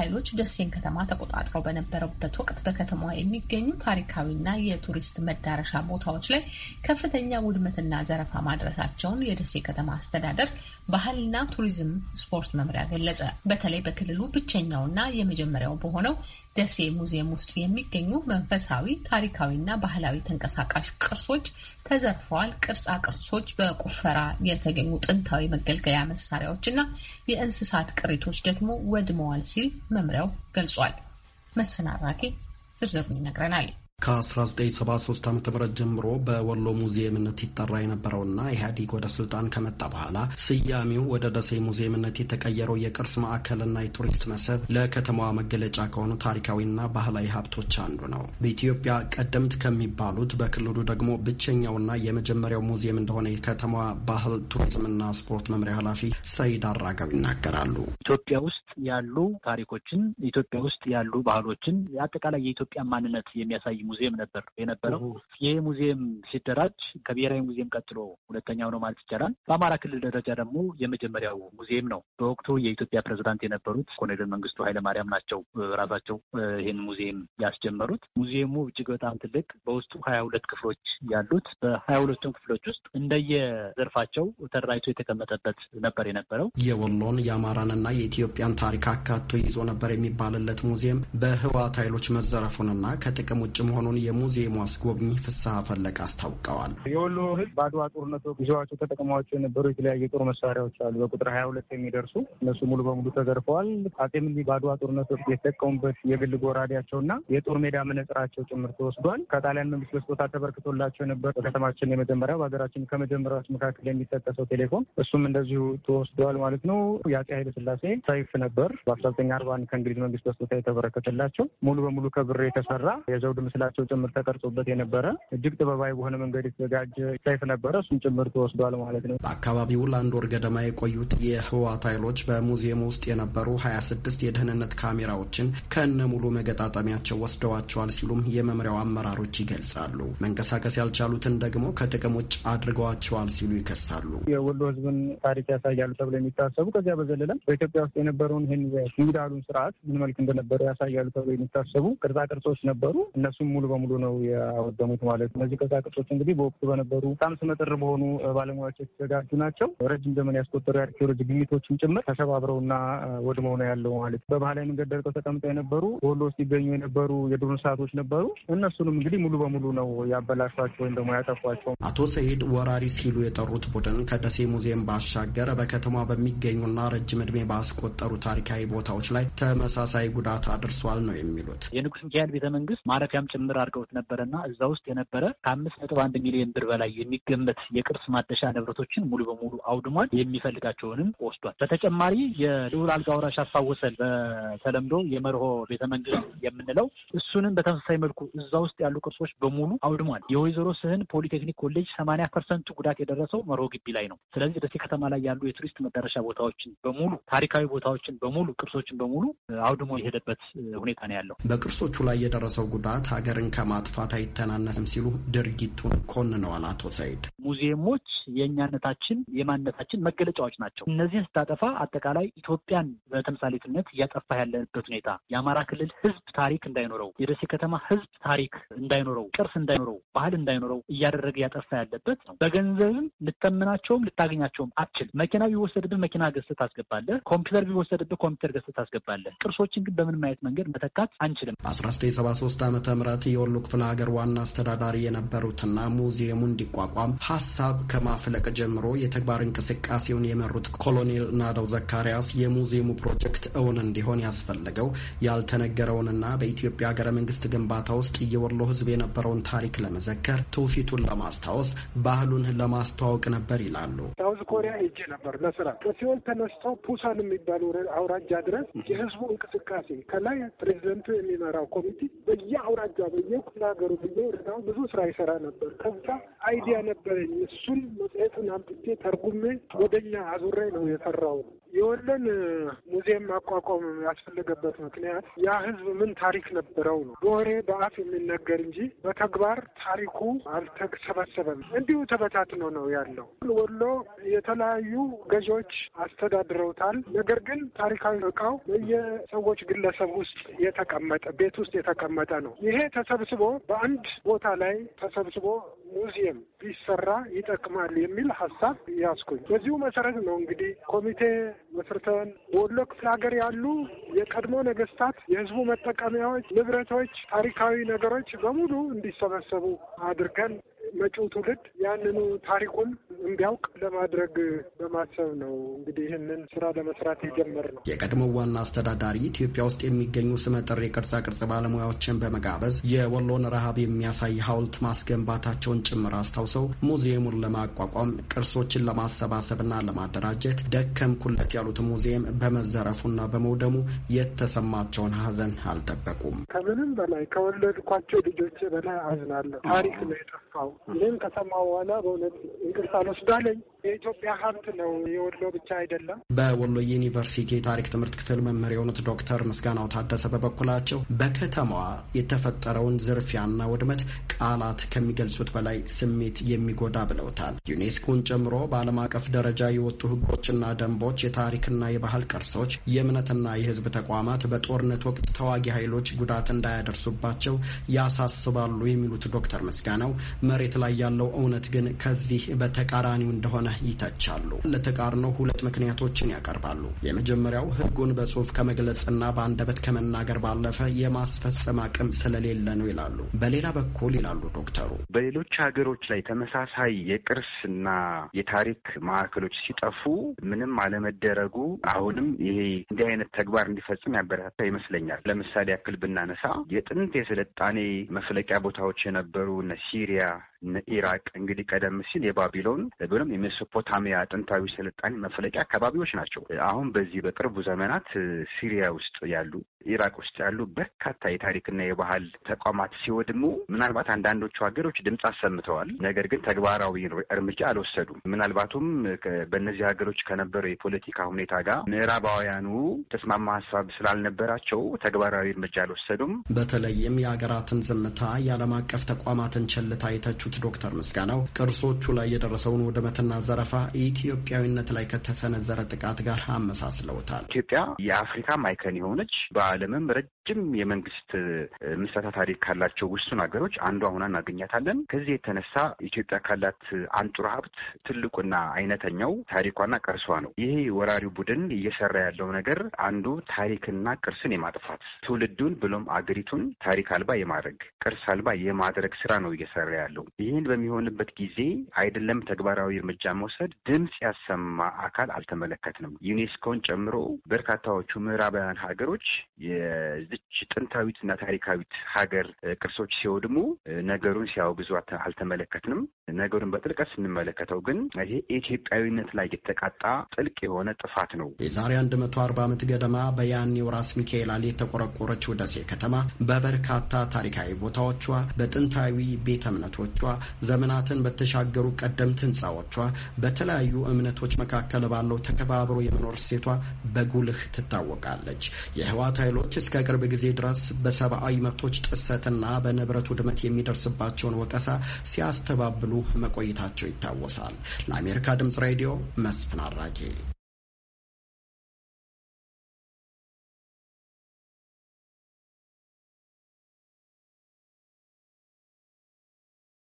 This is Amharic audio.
ኃይሎች ደሴን ከተማ ተቆጣጥረው በነበረበት ወቅት በከተማዋ የሚገኙ ታሪካዊና የቱሪስት መዳረሻ ቦታዎች ላይ ከፍተኛ ውድመትና ዘረፋ ማድረሳቸውን የደሴ ከተማ አስተዳደር ባህልና ቱሪዝም ስፖርት መምሪያ ገለጸ። በተለይ በክልሉ ብቸኛውና የመጀመሪያው በሆነው ደሴ ሙዚየም ውስጥ የሚገኙ መንፈሳዊ፣ ታሪካዊና ባህላዊ ተንቀሳቃሽ ቅርሶች ተዘርፈዋል። ቅርጻ ቅርሶች፣ በቁፈራ የተገኙ ጥንታዊ መገልገያ መሳሪያዎች እና የእንስሳት ቅሪቶች ደግሞ ወድመዋል ሲል መምሪያው ገልጿል። መስፍን አራኬ ዝርዝሩን ይነግረናል። ከ1973 ዓ ም ጀምሮ በወሎ ሙዚየምነት ይጠራ የነበረውና ኢህአዲግ ወደ ስልጣን ከመጣ በኋላ ስያሜው ወደ ደሴ ሙዚየምነት የተቀየረው የቅርስ ማዕከልና የቱሪስት መስህብ ለከተማዋ መገለጫ ከሆኑ ታሪካዊና ባህላዊ ሀብቶች አንዱ ነው። በኢትዮጵያ ቀደምት ከሚባሉት በክልሉ ደግሞ ብቸኛውና የመጀመሪያው ሙዚየም እንደሆነ የከተማዋ ባህል ቱሪዝምና ስፖርት መምሪያ ኃላፊ ሰይድ አራጋው ይናገራሉ። ኢትዮጵያ ውስጥ ያሉ ታሪኮችን፣ ኢትዮጵያ ውስጥ ያሉ ባህሎችን፣ አጠቃላይ የኢትዮጵያ ማንነት የሚያሳይ ሙዚየም ነበር የነበረው። ይህ ሙዚየም ሲደራጅ ከብሔራዊ ሙዚየም ቀጥሎ ሁለተኛው ነው ማለት ይቻላል። በአማራ ክልል ደረጃ ደግሞ የመጀመሪያው ሙዚየም ነው። በወቅቱ የኢትዮጵያ ፕሬዝዳንት የነበሩት ኮሎኔል መንግስቱ ኃይለማርያም ናቸው ራሳቸው ይህን ሙዚየም ያስጀመሩት። ሙዚየሙ እጅግ በጣም ትልቅ በውስጡ ሀያ ሁለት ክፍሎች ያሉት በሀያ ሁለቱም ክፍሎች ውስጥ እንደየዘርፋቸው ተደራጅቶ የተቀመጠበት ነበር የነበረው። የወሎን የአማራንና የኢትዮጵያን ታሪክ አካቶ ይዞ ነበር የሚባልለት ሙዚየም በህወሓት ኃይሎች መዘረፉንና ከጥቅም ውጭ መሆ መሆኑን የሙዚየሙ አስጎብኚ ፍስሐ ፈለቅ አስታውቀዋል። የወሎ ህዝብ በአድዋ ጦርነት ወቅት ይዘዋቸው ተጠቅመዋቸው የነበሩ የተለያዩ የጦር መሳሪያዎች አሉ። በቁጥር ሀያ ሁለት የሚደርሱ እነሱ ሙሉ በሙሉ ተዘርፈዋል። አጼ ምኒልክ በአድዋ ጦርነት ወቅት የተጠቀሙበት የግል ጎራዴያቸውና የጦር ሜዳ መነጽራቸው ጭምር ተወስዷል። ከጣሊያን መንግስት በስጦታ ተበርክቶላቸው ነበር። በከተማችን የመጀመሪያው በሀገራችን ከመጀመሪያዎች መካከል የሚጠቀሰው ቴሌኮም እሱም እንደዚሁ ተወስዷል ማለት ነው። የአጼ ኃይለ ስላሴ ሰይፍ ነበር በአስራ ዘጠኝ አርባ አንድ ከእንግሊዝ መንግስት በስጦታ የተበረከተላቸው ሙሉ በሙሉ ከብር የተሰራ የዘውድ ምስላ ፊደላቸው ጭምር ተቀርጾበት የነበረ እጅግ ጥበባዊ በሆነ መንገድ የተዘጋጀ ሰይፍ ነበረ። እሱም ጭምር ተወስዷል ማለት ነው። በአካባቢው ለአንድ ወር ገደማ የቆዩት የህወሓት ኃይሎች በሙዚየም ውስጥ የነበሩ ሀያ ስድስት የደህንነት ካሜራዎችን ከነ ሙሉ መገጣጠሚያቸው ወስደዋቸዋል ሲሉም የመምሪያው አመራሮች ይገልጻሉ። መንቀሳቀስ ያልቻሉትን ደግሞ ከጥቅም ውጭ አድርገዋቸዋል ሲሉ ይከሳሉ። የወሎ ህዝብን ታሪክ ያሳያሉ ተብሎ የሚታሰቡ ከዚያ በዘለለም በኢትዮጵያ ውስጥ የነበረውን ይህን ሚዳሉን ስርዓት ምን መልክ እንደነበረ ያሳያሉ ተብሎ የሚታሰቡ ቅርጻ ቅርጾች ነበሩ። እነሱም ሙሉ በሙሉ ነው ያወደሙት ማለት ነው። እነዚህ ቅርጻቅርጾች እንግዲህ በወቅቱ በነበሩ በጣም ስመጥር በሆኑ ባለሙያዎች የተዘጋጁ ናቸው። ረጅም ዘመን ያስቆጠሩ የአርኪኦሎጂ ግኝቶችም ጭምር ተሰባብረውና ወድመው ነው ያለው ማለት በባህላዊ መንገድ ደርቀው ተቀምጠው የነበሩ ወሎ ውስጥ ይገኙ የነበሩ የዱር እንስሳቶች ነበሩ። እነሱንም እንግዲህ ሙሉ በሙሉ ነው ያበላሿቸው ወይም ደግሞ ያጠፏቸው። አቶ ሰሂድ ወራሪ ሲሉ የጠሩት ቡድን ከደሴ ሙዚየም ባሻገር በከተማ በሚገኙና ረጅም እድሜ ባስቆጠሩ ታሪካዊ ቦታዎች ላይ ተመሳሳይ ጉዳት አድርሷል ነው የሚሉት የንጉስ ሚካኤል ቤተመንግስት ማረፊያም ጭምር አድርገውት ነበረ እዛ ውስጥ የነበረ ከአምስት ነጥብ አንድ ሚሊዮን ብር በላይ የሚገመት የቅርስ ማደሻ ንብረቶችን ሙሉ በሙሉ አውድሟል። የሚፈልጋቸውንም ወስዷል። በተጨማሪ የልዑል አልጋ ወራሽ አስታወሰን በተለምዶ የመርሆ ቤተመንግስት የምንለው እሱንም በተመሳሳይ መልኩ እዛ ውስጥ ያሉ ቅርሶች በሙሉ አውድሟል። የወይዘሮ ስህን ፖሊቴክኒክ ኮሌጅ ሰማንያ ፐርሰንቱ ጉዳት የደረሰው መርሆ ግቢ ላይ ነው። ስለዚህ ደሴ ከተማ ላይ ያሉ የቱሪስት መዳረሻ ቦታዎችን በሙሉ ታሪካዊ ቦታዎችን በሙሉ ቅርሶችን በሙሉ አውድሞ የሄደበት ሁኔታ ነው ያለው። በቅርሶቹ ላይ የደረሰው ጉዳት ሀገርን ከማጥፋት አይተናነስም ሲሉ ድርጊቱን ኮንነዋል። አቶ ሰይድ ሙዚየሞች የእኛነታችን የማንነታችን መገለጫዎች ናቸው። እነዚህን ስታጠፋ አጠቃላይ ኢትዮጵያን በተምሳሌትነት እያጠፋ ያለንበት ሁኔታ የአማራ ክልል ህዝብ ታሪክ እንዳይኖረው፣ የደሴ ከተማ ህዝብ ታሪክ እንዳይኖረው፣ ቅርስ እንዳይኖረው፣ ባህል እንዳይኖረው እያደረገ እያጠፋ ያለበት ነው። በገንዘብም ልተምናቸውም ልታገኛቸውም አትችል። መኪና ቢወሰድብህ መኪና ገዝተህ ታስገባለህ። ኮምፒውተር ቢወሰድብህ ኮምፒውተር ገዝተህ ታስገባለህ። ቅርሶችን ግን በምንም አይነት መንገድ መተካት አንችልም። በአስራ ዘጠኝ ሰባ ዓመት የወሎ ክፍለ ሀገር ዋና አስተዳዳሪ የነበሩትና ሙዚየሙ እንዲቋቋም ሀሳብ ከማፍለቅ ጀምሮ የተግባር እንቅስቃሴውን የመሩት ኮሎኔል ናደው ዘካርያስ የሙዚየሙ ፕሮጀክት እውን እንዲሆን ያስፈለገው ያልተነገረውንና በኢትዮጵያ ሀገረ መንግስት ግንባታ ውስጥ የወሎ ህዝብ የነበረውን ታሪክ ለመዘከር ትውፊቱን ለማስታወስ ባህሉን ለማስተዋወቅ ነበር ይላሉ። ሳውዝ ኮሪያ ሄጄ ነበር ለስራ። ከሲዮል ተነስተው ፑሳን የሚባሉ አውራጃ ድረስ የህዝቡ እንቅስቃሴ ከላይ ፕሬዚደንቱ የሚመራው ኮሚቴ በየአውራጃ በየኩል ሀገሩ በየወረዳው ብዙ ስራ ይሰራ ነበር። ከዛ አይዲያ ነበረኝ። እሱን መጽሔቱን አምጥቼ ተርጉሜ ወደኛ አዙሬ ነው የሰራው። የወለን ሙዚየም ማቋቋም ያስፈለገበት ምክንያት ያ ህዝብ ምን ታሪክ ነበረው ነው። በወሬ በአፍ የሚነገር እንጂ በተግባር ታሪኩ አልተሰበሰበም። እንዲሁ ተበታትኖ ነው ያለው። ወሎ የተለያዩ ገዢዎች አስተዳድረውታል። ነገር ግን ታሪካዊ እቃው በየሰዎች ግለሰብ ውስጥ የተቀመጠ ቤት ውስጥ የተቀመጠ ነው። ይሄ ተሰብስቦ በአንድ ቦታ ላይ ተሰብስቦ ሙዚየም ቢሰራ ይጠቅማል የሚል ሀሳብ ያስኩኝ። በዚሁ መሰረት ነው እንግዲህ ኮሚቴ መስርተን በወሎ ክፍለ ሀገር ያሉ የቀድሞ ነገስታት የህዝቡ መጠቀሚያዎች፣ ንብረቶች፣ ታሪካዊ ነገሮች በሙሉ እንዲሰበሰቡ አድርገን መጪው ትውልድ ያንኑ ታሪኩን እንዲያውቅ ለማድረግ በማሰብ ነው እንግዲህ ይህንን ስራ ለመስራት የጀመርነው። የቀድሞው ዋና አስተዳዳሪ ኢትዮጵያ ውስጥ የሚገኙ ስመጥር የቅርጻ ቅርጽ ባለሙያዎችን በመጋበዝ የወሎን ረሃብ የሚያሳይ ሐውልት ማስገንባታቸውን ጭምር አስታውሰው ሙዚየሙን ለማቋቋም ቅርሶችን ለማሰባሰብና ለማደራጀት ደከም ኩለት ያሉት ሙዚየም በመዘረፉና በመውደሙ የተሰማቸውን ሀዘን አልጠበቁም። ከምንም በላይ ከወለድኳቸው ልጆች በላይ አዝናለሁ። ታሪክ ነው የጠፋው። ይህም ከሰማ በኋላ በእውነት እንቅርት ወስዳለኝ የኢትዮጵያ ሀብት ነው፣ የወሎ ብቻ አይደለም። በወሎ ዩኒቨርሲቲ የታሪክ ትምህርት ክፍል መምህር የሆኑት ዶክተር ምስጋናው ታደሰ በበኩላቸው በከተማዋ የተፈጠረውን ዝርፊያና ውድመት ቃላት ከሚገልጹት በላይ ስሜት የሚጎዳ ብለውታል። ዩኔስኮን ጨምሮ በዓለም አቀፍ ደረጃ የወጡ ህጎችና ደንቦች የታሪክና የባህል ቅርሶች፣ የእምነትና የህዝብ ተቋማት በጦርነት ወቅት ተዋጊ ኃይሎች ጉዳት እንዳያደርሱባቸው ያሳስባሉ የሚሉት ዶክተር ምስጋናው መሬት ላይ ያለው እውነት ግን ከዚህ በተቃ ተቃራኒው እንደሆነ ይተቻሉ። ለተቃርኖ ሁለት ምክንያቶችን ያቀርባሉ። የመጀመሪያው ህጉን በጽሁፍ ከመግለጽና በአንደበት ከመናገር ባለፈ የማስፈጸም አቅም ስለሌለ ነው ይላሉ። በሌላ በኩል ይላሉ ዶክተሩ በሌሎች ሀገሮች ላይ ተመሳሳይ የቅርስና የታሪክ ማዕከሎች ሲጠፉ ምንም አለመደረጉ አሁንም ይሄ እንዲህ አይነት ተግባር እንዲፈጽም ያበረታታ ይመስለኛል። ለምሳሌ ያክል ብናነሳ የጥንት የስልጣኔ መፍለቂያ ቦታዎች የነበሩ እነ ሲሪያ፣ ኢራቅ እንግዲህ ቀደም ሲል የባቢሎን ብሎም የሜሶፖታሚያ ጥንታዊ ስልጣኔ መፈለቂያ አካባቢዎች ናቸው። አሁን በዚህ በቅርቡ ዘመናት ሲሪያ ውስጥ ያሉ ኢራቅ ውስጥ ያሉ በርካታ የታሪክና የባህል ተቋማት ሲወድሙ ምናልባት አንዳንዶቹ ሀገሮች ድምፅ አሰምተዋል። ነገር ግን ተግባራዊ እርምጃ አልወሰዱም። ምናልባቱም በእነዚህ ሀገሮች ከነበረው የፖለቲካ ሁኔታ ጋር ምዕራባውያኑ ተስማማ ሀሳብ ስላልነበራቸው ተግባራዊ እርምጃ አልወሰዱም። በተለይም የሀገራትን ዝምታ፣ የዓለም አቀፍ ተቋማትን ቸልታ የተቹት ዶክተር ምስጋናው ቅርሶቹ ላይ የደረሰውን ውድመትና ዘረፋ ኢትዮጵያዊነት ላይ ከተሰነዘረ ጥቃት ጋር አመሳስለውታል። ኢትዮጵያ የአፍሪካ ማይከን የሆነች በዓለምም ረጅም የመንግስት ምስረታ ታሪክ ካላቸው ውሱን ሀገሮች አንዱ ሆና እናገኛታለን። ከዚህ የተነሳ ኢትዮጵያ ካላት አንጡራ ሀብት ትልቁና አይነተኛው ታሪኳና ቅርሷ ነው። ይሄ ወራሪው ቡድን እየሰራ ያለው ነገር አንዱ ታሪክና ቅርስን የማጥፋት ትውልዱን ብሎም አገሪቱን ታሪክ አልባ የማድረግ ቅርስ አልባ የማድረግ ስራ ነው እየሰራ ያለው። ይህን በሚሆንበት ጊዜ አይደለም ተግባራዊ እርምጃ መውሰድ ድምፅ ያሰማ አካል አልተመለከትንም። ዩኔስኮን ጨምሮ በርካታዎቹ ምዕራባውያን ሀገሮች የዚ ያለች እና ታሪካዊት ሀገር ቅርሶች ሲወድሙ ነገሩን ሲያወግዙ አልተመለከትንም። ነገሩን በጥልቀት ስንመለከተው ግን ይሄ ኢትዮጵያዊነት ላይ የተቃጣ ጥልቅ የሆነ ጥፋት ነው። የዛሬ አንድ መቶ አርባ ዓመት ገደማ በያኔው ራስ ሚካኤል አሌ የተቆረቆረችው ደሴ ከተማ በበርካታ ታሪካዊ ቦታዎቿ፣ በጥንታዊ ቤተ እምነቶቿ፣ ዘመናትን በተሻገሩ ቀደምት ህንፃዎቿ፣ በተለያዩ እምነቶች መካከል ባለው ተከባብሮ የመኖር ሴቷ በጉልህ ትታወቃለች። የህዋት ኃይሎች እስከ ቅርብ ቅርብ ጊዜ ድረስ በሰብአዊ መብቶች ጥሰትና በንብረት ውድመት የሚደርስባቸውን ወቀሳ ሲያስተባብሉ መቆየታቸው ይታወሳል። ለአሜሪካ ድምጽ ሬዲዮ መስፍን አራጌ